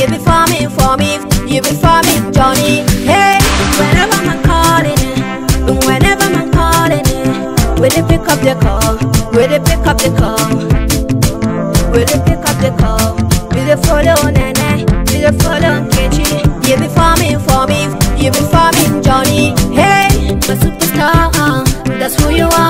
You be for me, for me, you be for me, Johnny. Hey, whenever I'm calling it, whenever I'm calling it, will you pick up the call? Will you pick up the call? Will you pick up the call? Will you follow Nene? Will you follow Kechi? You be for me, for me, you be for me, Johnny. Hey, my superstar, uh, that's who you are.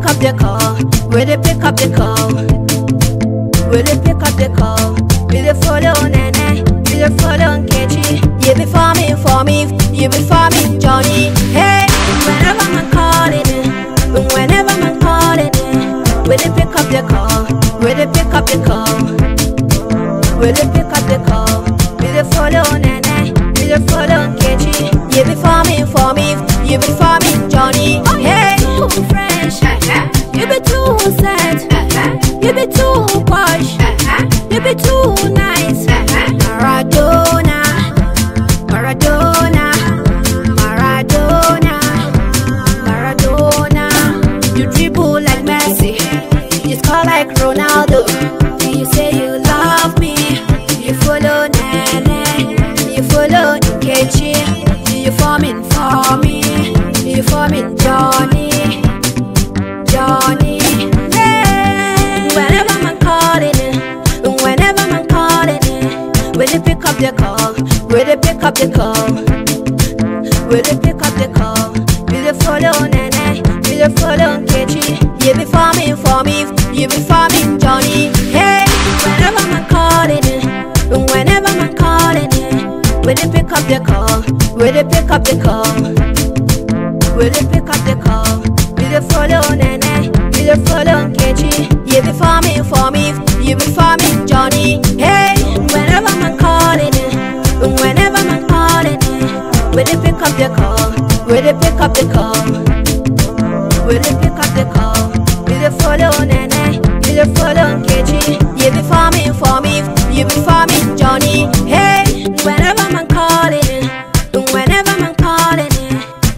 pick up the call? Where they pick up the call? Where they pick up the call? Will they follow Nene? Will they follow Ketchy? You be farming for me, you be farming Johnny. Hey, whenever I'm calling it, whenever I'm calling it, where they pick up the call? Where they pick up the call? Will they pick up the call? Will they follow too sad. You be too posh. You be too nice. Maradona, Maradona, Maradona, Maradona. You dribble like Messi. You score like Ronaldo. you say you love me. You follow Nene. You follow Nkechi. You forming for me. You forming Johnny. the call? Where they pick up the call? Where they pick up the call? Will they follow Nene? Eh, eh. Will they follow Ketchy? You be farming for me, you be farming Johnny. Hey, whenever I'm calling it, whenever I'm calling it, Where they pick up the call? Where they pick up the call? Where they pick up the call? Will they follow Nene? Eh, Will they follow Ketchy? You be farming for me, you be farming Johnny. Hey. up your call? Will they pick up the call? Will they pick up the call? Will they follow Nene? Will they follow Nkechi? You be farming for me, you be farming Johnny. Hey, whenever I'm calling, whenever man am calling,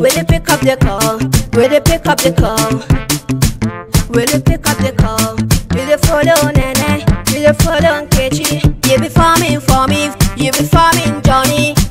will they pick up the call? Will they pick up the call? Will they pick up the call? Will they follow Nene? Will they follow Nkechi? You be farming for me, you be farming Johnny.